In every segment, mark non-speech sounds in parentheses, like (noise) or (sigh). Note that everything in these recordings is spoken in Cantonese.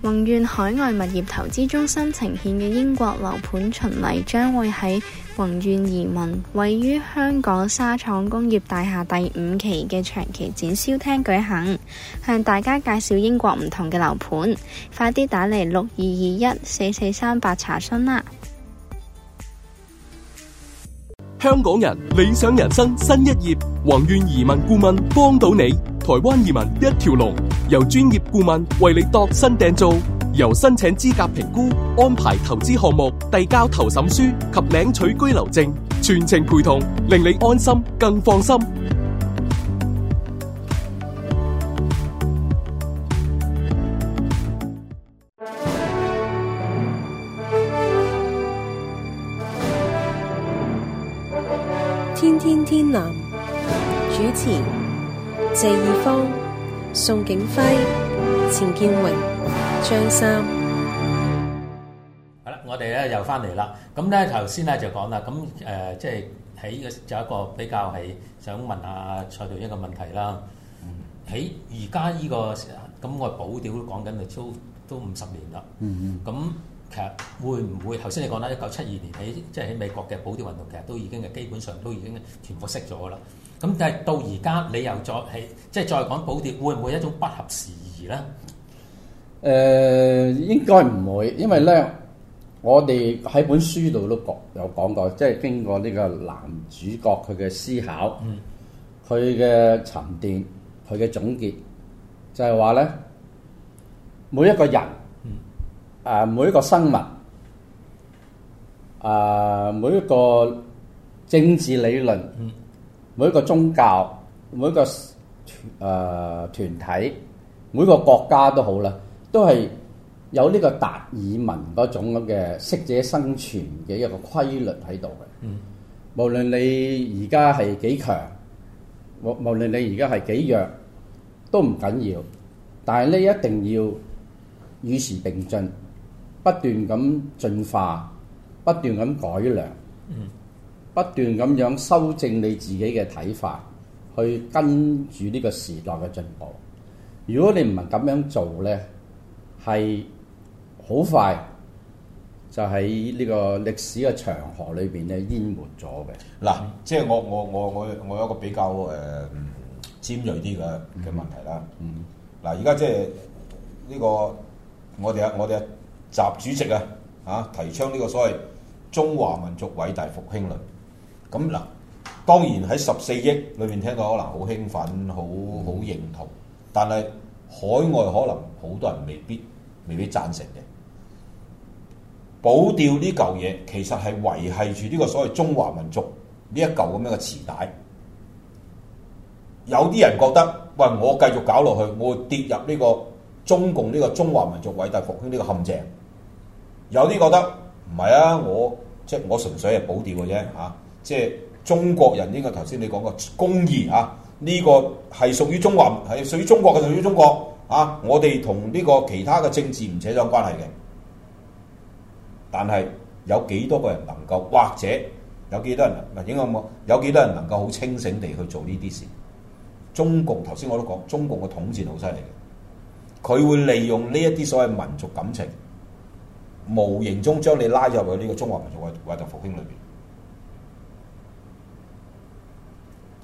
宏願海外物業投資中心呈現嘅英國樓盤巡禮將會喺宏願移民位於香港沙廠工業大廈第五期嘅長期展銷廳舉行，向大家介紹英國唔同嘅樓盤，快啲打嚟六二二一四四三八查詢啦！香港人理想人生新一頁，宏願移民顧問幫到你。台灣移民一條龍，由專業顧問為你度身訂造，由申請資格評估、安排投資項目、遞交投審書及領取居留證，全程陪同，令你安心更放心。天天天藍主持。謝義方、宋景輝、錢建榮、張三，好啦，我哋咧又翻嚟啦。咁咧，頭先咧就講啦。咁誒，即係喺個有一個比較係想問下蔡導一個問題啦。喺而家呢個咁我保釣都講緊，都都五十年啦。咁、嗯嗯、其實會唔會頭先你講啦，一九七二年喺即係喺美國嘅保釣運動，其實都已經係基本上都已經全部熄咗噶啦，咁但係到而家你又再係即係再講保釣，會唔會一種不合時宜咧？誒、呃，應該唔會，因為咧，我哋喺本書度都講有講過，嗯、即係經過呢個男主角佢嘅思考，佢嘅、嗯、沉澱，佢嘅總結，就係話咧，每一個人，誒、嗯啊、每一個生物，誒、啊、每一個政治理論。嗯每一個宗教、每一個誒、呃、團體、每個國家都好啦，都係有呢個達爾文嗰種咁嘅適者生存嘅一個規律喺度嘅。嗯無無，無論你而家係幾強，無無論你而家係幾弱，都唔緊要。但係但係呢一定要與時並進，不斷咁進化，不斷咁改良。嗯。不斷咁樣修正你自己嘅睇法，去跟住呢個時代嘅進步。如果你唔係咁樣做咧，係好快就喺呢個歷史嘅長河裏邊咧淹沒咗嘅。嗱、嗯，即係我我我我我有一個比較誒、呃、尖銳啲嘅嘅問題啦。嗱、嗯，而、嗯、家即係呢、這個我哋啊，我哋啊習主席啊，啊提倡呢個所謂中華民族偉大復興論。嗯。咁嗱，當然喺十四億裏面聽到可能好興奮，好好認同，但係海外可能好多人未必未必贊成嘅。保釣呢嚿嘢，其實係維係住呢個所謂中華民族呢一嚿咁樣嘅瓷帶。有啲人覺得，喂，我繼續搞落去，我會跌入呢個中共呢個中華民族偉大復興呢個陷阱。有啲覺得唔係啊，我即係我純粹係保釣嘅啫嚇。啊。即係中國人呢個頭先你講個公義啊，呢、這個係屬於中華，係屬於中國嘅，屬於中國啊！我哋同呢個其他嘅政治唔扯上關係嘅。但係有幾多個人能夠，或者有幾多人嗱，影響冇？有幾多人能夠好清醒地去做呢啲事？中共頭先我都講，中共嘅統戰好犀利嘅，佢會利用呢一啲所謂民族感情，無形中將你拉入去呢個中華民族嘅偉大復興裏邊。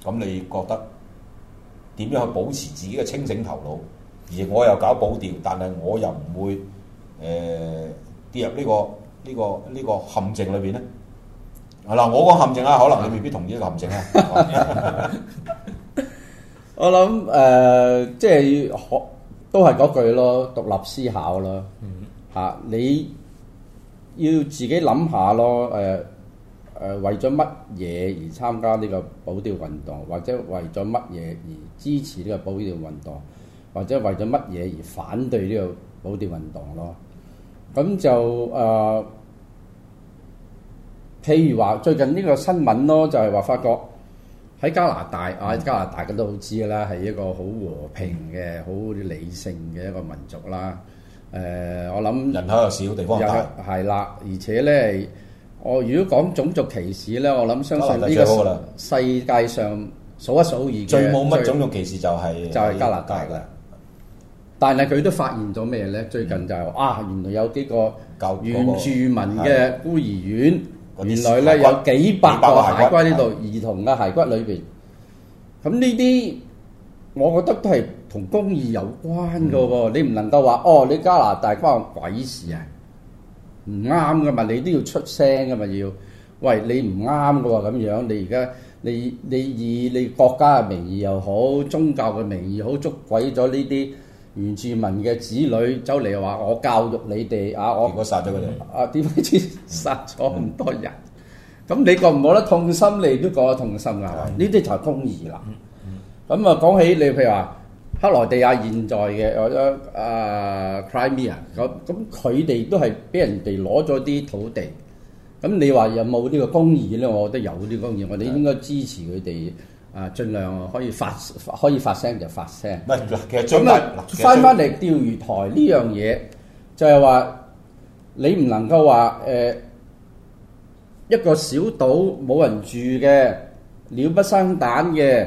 咁你覺得點樣去保持自己嘅清醒頭腦？而我又搞保釣，但係我又唔會誒跌、呃、入呢、這個呢、這個呢、這個陷阱裏邊咧。啊嗱、嗯，我講陷阱啊，可能你未必同意個陷阱啊。 (laughs) (laughs) 我諗誒、呃，即係學都係嗰句咯，獨立思考咯。嚇、嗯啊，你要自己諗下咯，誒、呃。誒為咗乜嘢而參加呢個保釣運動，或者為咗乜嘢而支持呢個保釣運動，或者為咗乜嘢而反對呢個保釣運動咯？咁就誒、呃，譬如話最近呢個新聞咯，就係話發覺喺加拿大、嗯、啊，加拿大，大家都好知㗎啦，係一個好和平嘅、好、嗯、理性嘅一個民族啦。誒、呃，我諗人口又少，地方大，係啦有是，而且咧。哦，如果講種族歧視咧，我諗相信呢個世界上數一數二最、最冇乜種族歧視就係就係加拿大啦。但係佢都發現咗咩咧？嗯、最近就係話、啊，原來有幾個原住民嘅孤兒院，那個、原來咧有幾百個骸骨呢度的兒童嘅骸骨裏邊。咁呢啲，我覺得都係同公義有關嘅喎。嗯、你唔能夠話哦，你加拿大關我鬼事啊！唔啱噶嘛？你都要出聲噶嘛要？喂，你唔啱噶喎咁樣，你而家你你以你國家嘅名義又好，宗教嘅名義好，捉鬼咗呢啲原住民嘅子女，走嚟又話我教育你哋啊！我如果殺咗佢哋，啊點解先殺咗咁多人？咁、嗯、你覺唔覺得痛心？你都覺得痛心啊？呢啲、嗯、就係公義啦。咁、嗯、啊，講、嗯、起你譬如話。克羅地亞現在嘅誒誒 Crimea 咁咁，佢、呃、哋都係俾人哋攞咗啲土地。咁你話有冇呢個公義咧？我覺得有啲公義，的我哋應該支持佢哋啊，儘量可以發可以發聲就發聲。唔係其實咁啊，翻翻嚟釣魚台呢樣嘢，這個、就係話你唔能夠話誒、呃、一個小島冇人住嘅，鳥不生蛋嘅，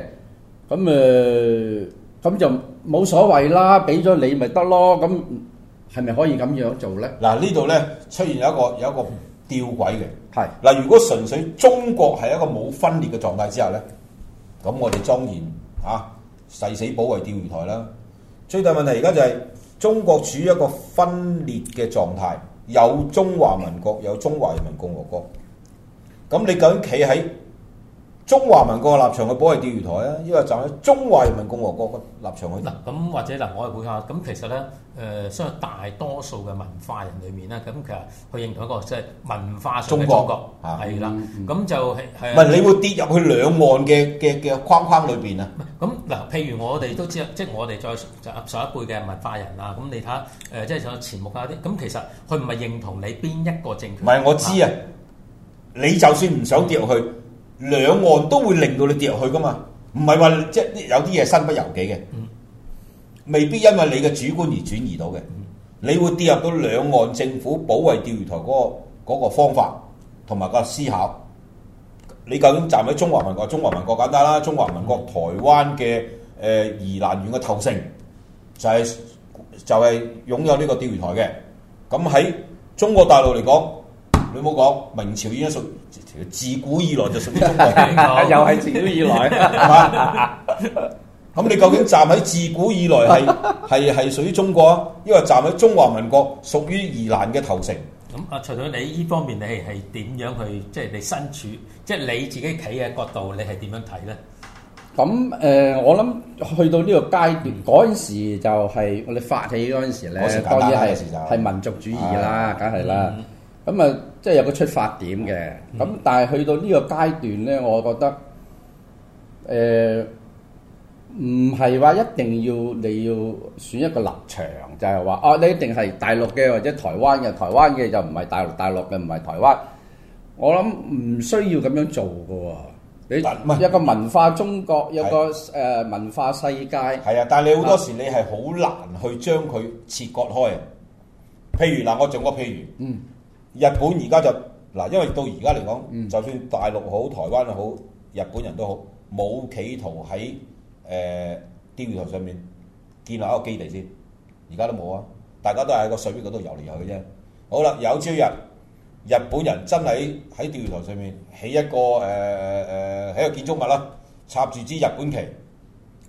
咁誒。呃咁就冇所謂啦，俾咗你咪得咯。咁係咪可以咁樣做呢？嗱，呢度呢，出現有一個有一個吊詭嘅。係嗱的，如果純粹中國係一個冇分裂嘅狀態之下呢，咁我哋莊嚴啊誓死保衞釣魚台啦。最大問題而家就係、是、中國處於一個分裂嘅狀態，有中華民國，有中華人民共和國。咁你究竟企喺？中華民國嘅立場嘅保衛釣魚台啊，呢個就喺中華人民共和國嘅立場去。嗱，咁或者嗱，我係會嚇，咁其實咧，誒，相信大多數嘅文化人裏面咧，咁其實佢認同一個即係文化上嘅中國，係啦，咁就係係。唔係你會跌入去兩岸嘅嘅嘅框框裏邊啊？唔係咁嗱，譬如我哋都知啦，即係我哋再就上一輩嘅文化人啊，咁你睇下誒，即係上有錢穆下啲，咁其實佢唔係認同你邊一個政權。唔係我知啊，你就算唔想跌入去。兩岸都會令到你跌入去噶嘛？唔係話即係有啲嘢身不由己嘅，未必因為你嘅主觀而轉移到嘅。你會跌入到兩岸政府保衞釣魚台嗰個嗰個方法同埋個思考。你究竟站喺中華民國？中華民國簡單啦，中華民國台灣嘅誒宜蘭縣嘅頭城就係就係擁有呢個釣魚台嘅。咁喺中國大陸嚟講。你冇講明朝已經屬自古以來就屬於中國， (laughs) 又係自古以來 (laughs) ，係嘛？咁你究竟站喺自古以來係係係屬於中國啊？因為站喺中華民國屬於宜蘭嘅頭城。咁啊、嗯，除咗你呢方面，你係點樣去即係、就是、你身處，即、就、係、是、你自己企嘅角度，你係點樣睇咧？咁誒、嗯呃，我諗去到呢個階段嗰陣時、就是，就係我哋發起嗰陣時咧，當然係係民族主義啦，梗係啦。嗯咁啊，即係有個出發點嘅。咁但係去到呢個階段呢，我覺得誒唔係話一定要你要選一個立場，就係話哦，你一定係大陸嘅或者台灣嘅，台灣嘅就唔係大陸，大陸嘅唔係台灣。我諗唔需要咁樣做嘅。你有一個文化中國，有一個誒呃，文化世界。係啊，但係你好多時你係好難去將佢切割開，譬如嗱，我做個譬如，嗯。日本而家就嗱，因為到而家嚟講，嗯、就算大陸好、台灣好、日本人都好，冇企圖喺誒釣魚台上面建立一個基地先，而家都冇啊！大家都係喺個水邊度游嚟游去啫。好啦，有朝一日，日本人真係喺釣魚台上面起一個誒誒起一個建築物啦，插住支日本旗。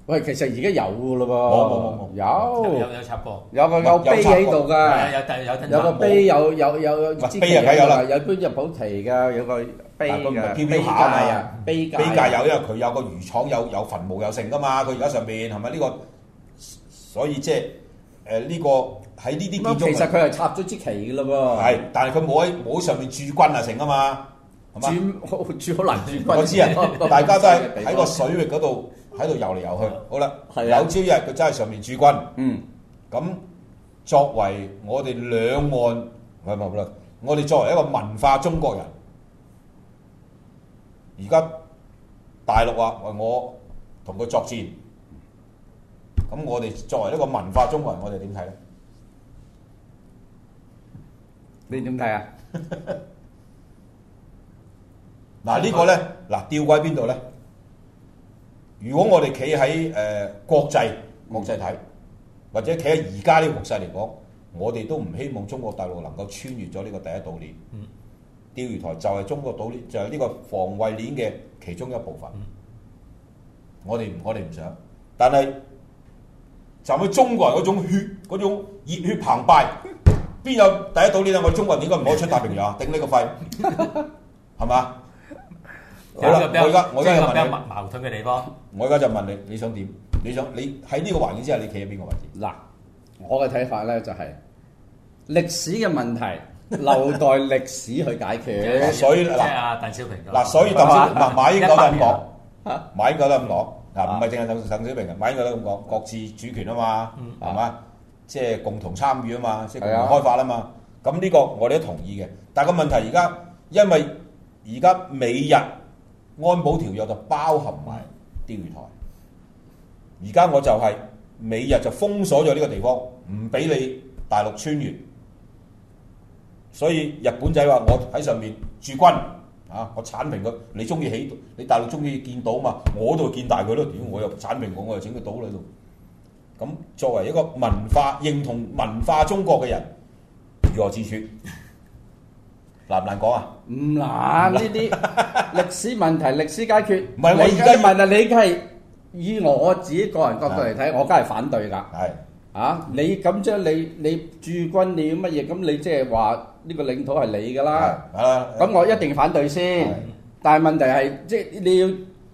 喂，其實而家有噶嘞噃，冇冇冇冇有，有有插播，有個有碑喺度噶，有有有有個碑，有有有有碑啊，梗係有啦，有碑入普旗噶，有個碑噶，碑界啊，碑界有，因為佢有個漁場，有有墳墓又剩噶嘛，佢而家上邊係咪呢個？所以即係誒呢個喺呢啲建築，咁其實佢係插咗支旗噶嘞噃，係，但係佢冇喺冇喺上邊駐軍啊，剩噶嘛，駐駐好難駐軍，我知啊，大家都係喺個水域嗰度。喺度遊嚟遊去，好啦，有朝一日佢真係上面駐軍，咁作為我哋兩岸，唔好啦，我哋作為一個文化中國人，而家大陸話話我同佢作戰，咁我哋作為一個文化中國人，我哋點睇咧？你點睇啊？嗱，呢個咧，嗱，吊詭喺邊度咧？如果我哋企喺誒國際局勢睇，或者企喺而家呢個局勢嚟講，我哋都唔希望中國大陸能夠穿越咗呢個第一島鏈。嗯、釣魚台就係中國島鏈，就係、是、呢個防衞鏈嘅其中一部分。嗯、我哋我哋唔想，但係就喺、是、中國人嗰種血嗰種熱血澎湃，邊有第一島鏈啊？我中國人點解唔可以出太平洋頂呢個肺，係嘛？ (laughs) 好啦，我而家我即係問你，有冇矛盾嘅地方？我而家就問你，你想點？你想你喺呢個環境之下，你企喺邊個位置？嗱，我嘅睇法咧就係歷史嘅問題，留待歷史去解決。所以即係啊，鄧小平嗱，所以就話嗱，馬英九都咁講嚇，馬英九都咁講嗱，唔係淨係鄧鄧小平啊，馬英九都咁講，各自主權啊嘛，係嘛？即係共同參與啊嘛，即係共同開發啊嘛。咁呢個我哋都同意嘅，但係個問題而家因為而家美日。安保條約就包含埋釣魚台，而家我就係美日就封鎖咗呢個地方，唔俾你大陸穿越。所以日本仔話：我喺上面駐軍啊，我剷平佢，你中意起，你大陸中意見到嘛？我都會見大佢咯。屌，我又剷平我，我又整個島喺度。咁作為一個文化認同文化中國嘅人，如何自處？難唔難講啊？唔難，呢啲歷史問題，歷史解決。唔係，我而家問啊，你係以我自己個人角度嚟睇，我梗係反對㗎。係啊，你咁將你你駐軍你乜嘢，咁你即係話呢個領土係你㗎啦。啊，咁我一定反對先。但係問題係，即係你要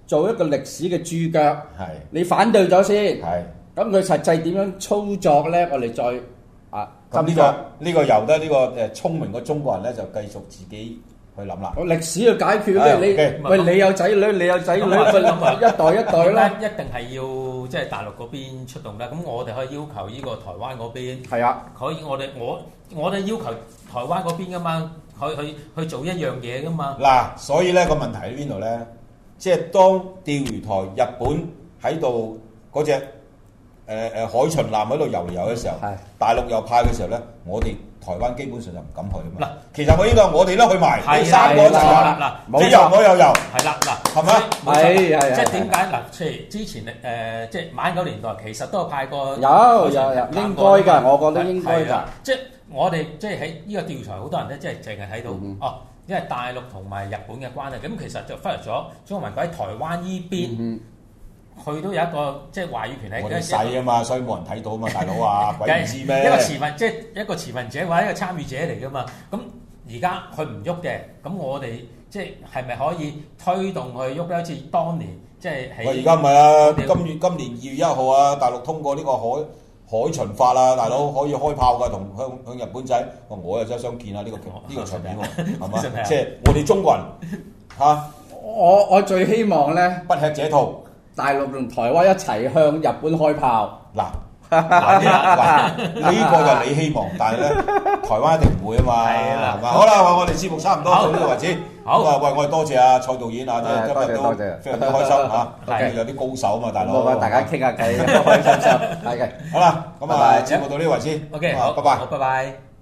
做一個歷史嘅注腳。係，你反對咗先。係，咁佢實際點樣操作咧？我哋再。呢個呢個由得呢個誒聰明嘅中國人咧就繼續自己去諗啦。歷史要解決咧，你喂，你有仔女，你有仔女佢諗啊，一代一代咯。一定係要即係大陸嗰邊出動咧，咁我哋可以要求呢個台灣嗰邊。係啊，可以我哋我我哋要求台灣嗰邊噶嘛，去去去做一樣嘢噶嘛。嗱，所以咧，個問題喺邊度咧？即係當釣魚台日本喺度嗰隻。誒誒，海巡艦喺度遊嚟遊嘅時候，大陸又派嘅時候咧，我哋台灣基本上就唔敢去啊嘛。嗱，其實我應該我哋都去埋，三個都有啦，即係左遊左遊，係啦，嗱係咪啊？係即係點解嗱？即係之前誒，即係晚九年代，其實都有派過有有有，應該㗎，我覺得應該㗎。即係我哋即係喺呢個調查，好多人咧即係淨係睇到哦，因為大陸同埋日本嘅關係，咁其實就忽略咗中華民國喺台灣依邊。佢都有一個，即係話語權喺度，細啊嘛，所以冇人睇到啊嘛，大佬啊，鬼知咩？一個持份，即係一個持份者或者一個參與者嚟噶嘛。咁而家佢唔喐嘅，咁我哋即係係咪可以推動佢喐咧？好似當年即係。喂，而家唔係啊，今月今年二月一號啊，大陸通過呢個海海巡法啦，大佬可以開炮噶，同向向日本仔。我我又真係想見啊，呢個呢個場面喎，係嘛？即係我哋中國人嚇。我我最希望咧，不吃這套。大陸同台灣一齊向日本開炮。嗱，呢個就你希望，但係咧，台灣一定唔會啊嘛。係啊，好啦，喂，我哋節目差唔多到呢個位置。好啊，喂，我哋多謝阿蔡導演啊，今日都非常之開心嚇，見到有啲高手啊嘛，大佬，大家傾下偈，開心，開心。係嘅，好啦，咁啊，節目到呢個位置。OK，好，拜拜。拜拜。